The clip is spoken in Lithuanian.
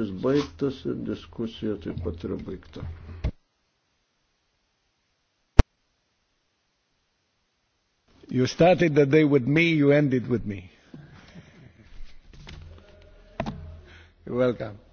posėdis baigtas ir diskusija taip pat yra baigta. You started the day with me, you ended with me. You're welcome.